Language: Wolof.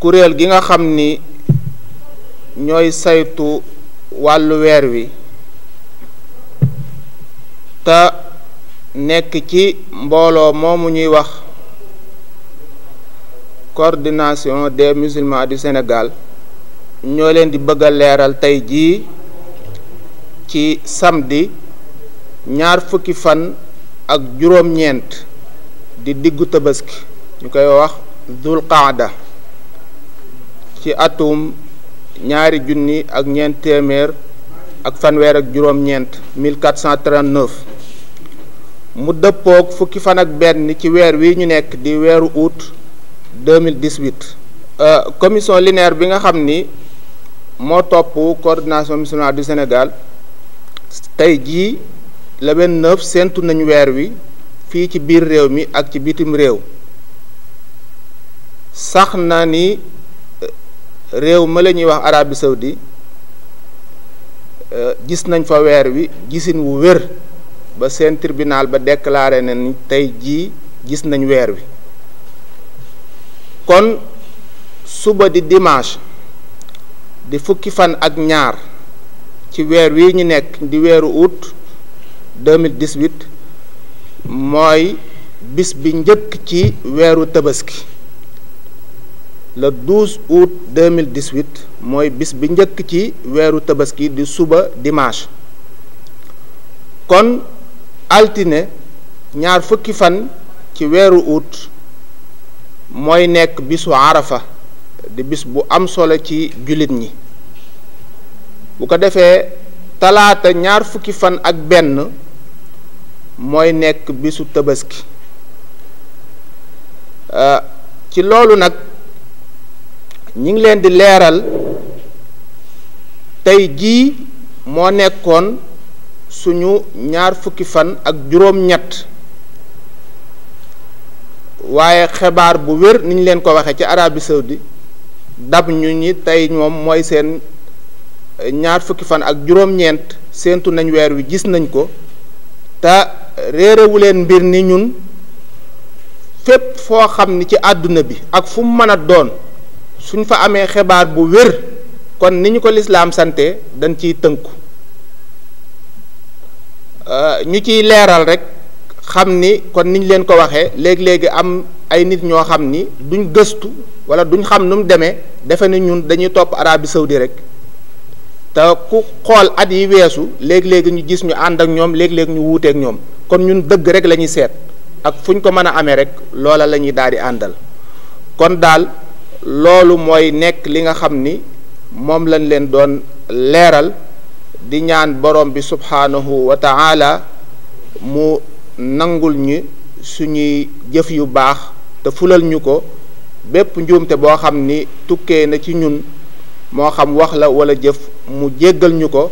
kuréel gi nga xam ni ñooy saytu wàllu weer wi te nekk ci mbooloo moomu ñuy wax coordination des musulmans du Sénégal ñoo leen di bëgg a leeral tey jii ci samedi ñaar fukki fan ak juróom-ñeent di diggu tabaski ñu koy wax dul qaada ci atum ñaari junni ak ñeent téeméer ak fanweer ak juróom-ñeent mu dëppoog fukki fan ak benn ci weer wi ñu nekk di weeru août 2018 euh, commission linéaire bi nga xam ni moo topp coordination missionnaire du Sénégal tey jii le 29 séentu nañu weer wi fii ci biir réew mi ak ci bitim réew sax na ni réew ma lañuy ñuy wax Arabie Saoudi euh, gis nañ fa weer wi gisin wu wér ba seen tribunal ba déclaré na ni tey jii gis nañ weer wi kon suba di dimanche di fukki fan ak ñaar ci weer wi ñu nekk di weeru août 2018 mooy bis bi njëkk ci weeru tabaski le 12 août 2018 mooy bis bi njëkk ci weeru tabaski di suba dimanche kon altine ñaar fukki fan ci weeru août mooy nekk bisu arafa di bis bu am solo ci jullit ñi bu ko defee talaata ñaar fukki fan ak benn mooy nekk bisu tabaski euh, ci loolu nag ñi ngi leen di leeral tey jii moo nekkoon suñu ñaar fukki fan ak juróom-ñett waaye xibaar bu wér ni ñu leen ko waxee ci Arabie Saoudi dab ñu ñi tey moom mooy seen eh, ñaar fukki fan ak juróom-ñeent séentu nañ weer wi gis nañ ko te réerewu leen mbir ni ñun fépp foo xam ni ci àdduna bi ak fu mu mën a doon suñ fa amee xibaar bu wér kon ni ñu ko lislaam sante dañ ciy tënku euh, ñu ciy leeral rek xam ni kon niñ leen ko waxee léegi-léegi am ay nit ñoo xam ni duñ gëstu wala duñ xam nu mu demee defe ni ñun dañuy topp Arabie Saoudi rek te ku xool at yi weesu léegi-léegi ñu gis ñu ànd ak ñoom léegi-léegi ñu wuuteek ñoom kon ñun dëgg rek lañuy seet ak fu ñu ko mën a amee rek loola lañuy ñuy daal di àndal kon daal loolu mooy nekk li nga xam ni moom lañ leen doon leeral di ñaan borom bi subhaanahu wa ta'ala mu nangul ñu suñuy jëf yu baax te fulal ñu ko bépp njuumte boo xam ni tukkee na ci ñun moo xam wax la wala jëf mu jéggal ñu ko